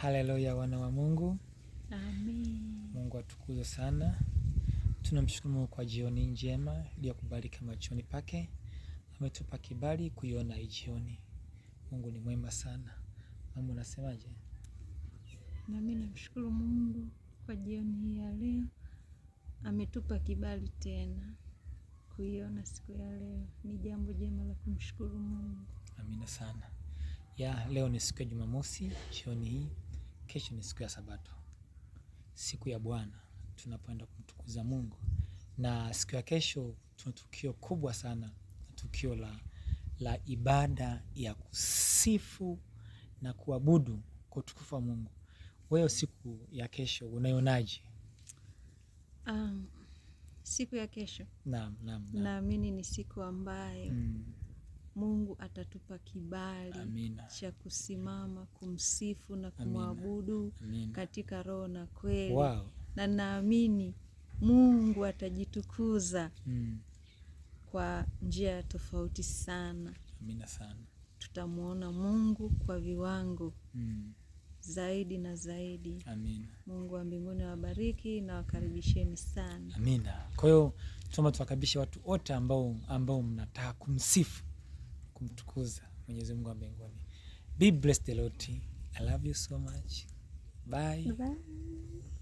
Haleluya, wana wa Mungu. Amen. Mungu atukuzwe sana. Tunamshukuru Mungu kwa jioni njema iliyokubalika machoni pake. Ametupa kibali kuiona hii jioni. Mungu ni mwema sana. Mama, unasemaje? Nami namshukuru Mungu kwa jioni hii ya leo. Ametupa kibali tena kuiona siku ya leo. Ni jambo jema la kumshukuru Mungu. Amina sana. Ya, leo ni siku ya Jumamosi jioni hii Kesho ni siku ya Sabato, siku ya Bwana tunapoenda kumtukuza Mungu, na siku ya kesho tuna tukio kubwa sana, tukio la, la ibada ya kusifu na kuabudu kwa utukufu wa Mungu. Wewe siku ya kesho unaionaje? Um, siku ya kesho naam, naam, naam. ni siku ambayo mm. Mungu atatupa kibali cha kusimama kumsifu na kumwabudu katika roho na kweli. Wow. Na naamini Mungu atajitukuza mm. kwa njia tofauti sana. Amina sana. Tutamwona Mungu kwa viwango mm. zaidi na zaidi. Amina. Mungu wa mbinguni awabariki na wakaribisheni sana. Amina. Kwa hiyo tuma tuwakaribishe watu wote ambao, ambao mnataka kumsifu kumtukuza Mwenyezi Mungu wa mbinguni. Be blessed a lot. I love you so much. Bye. Bye.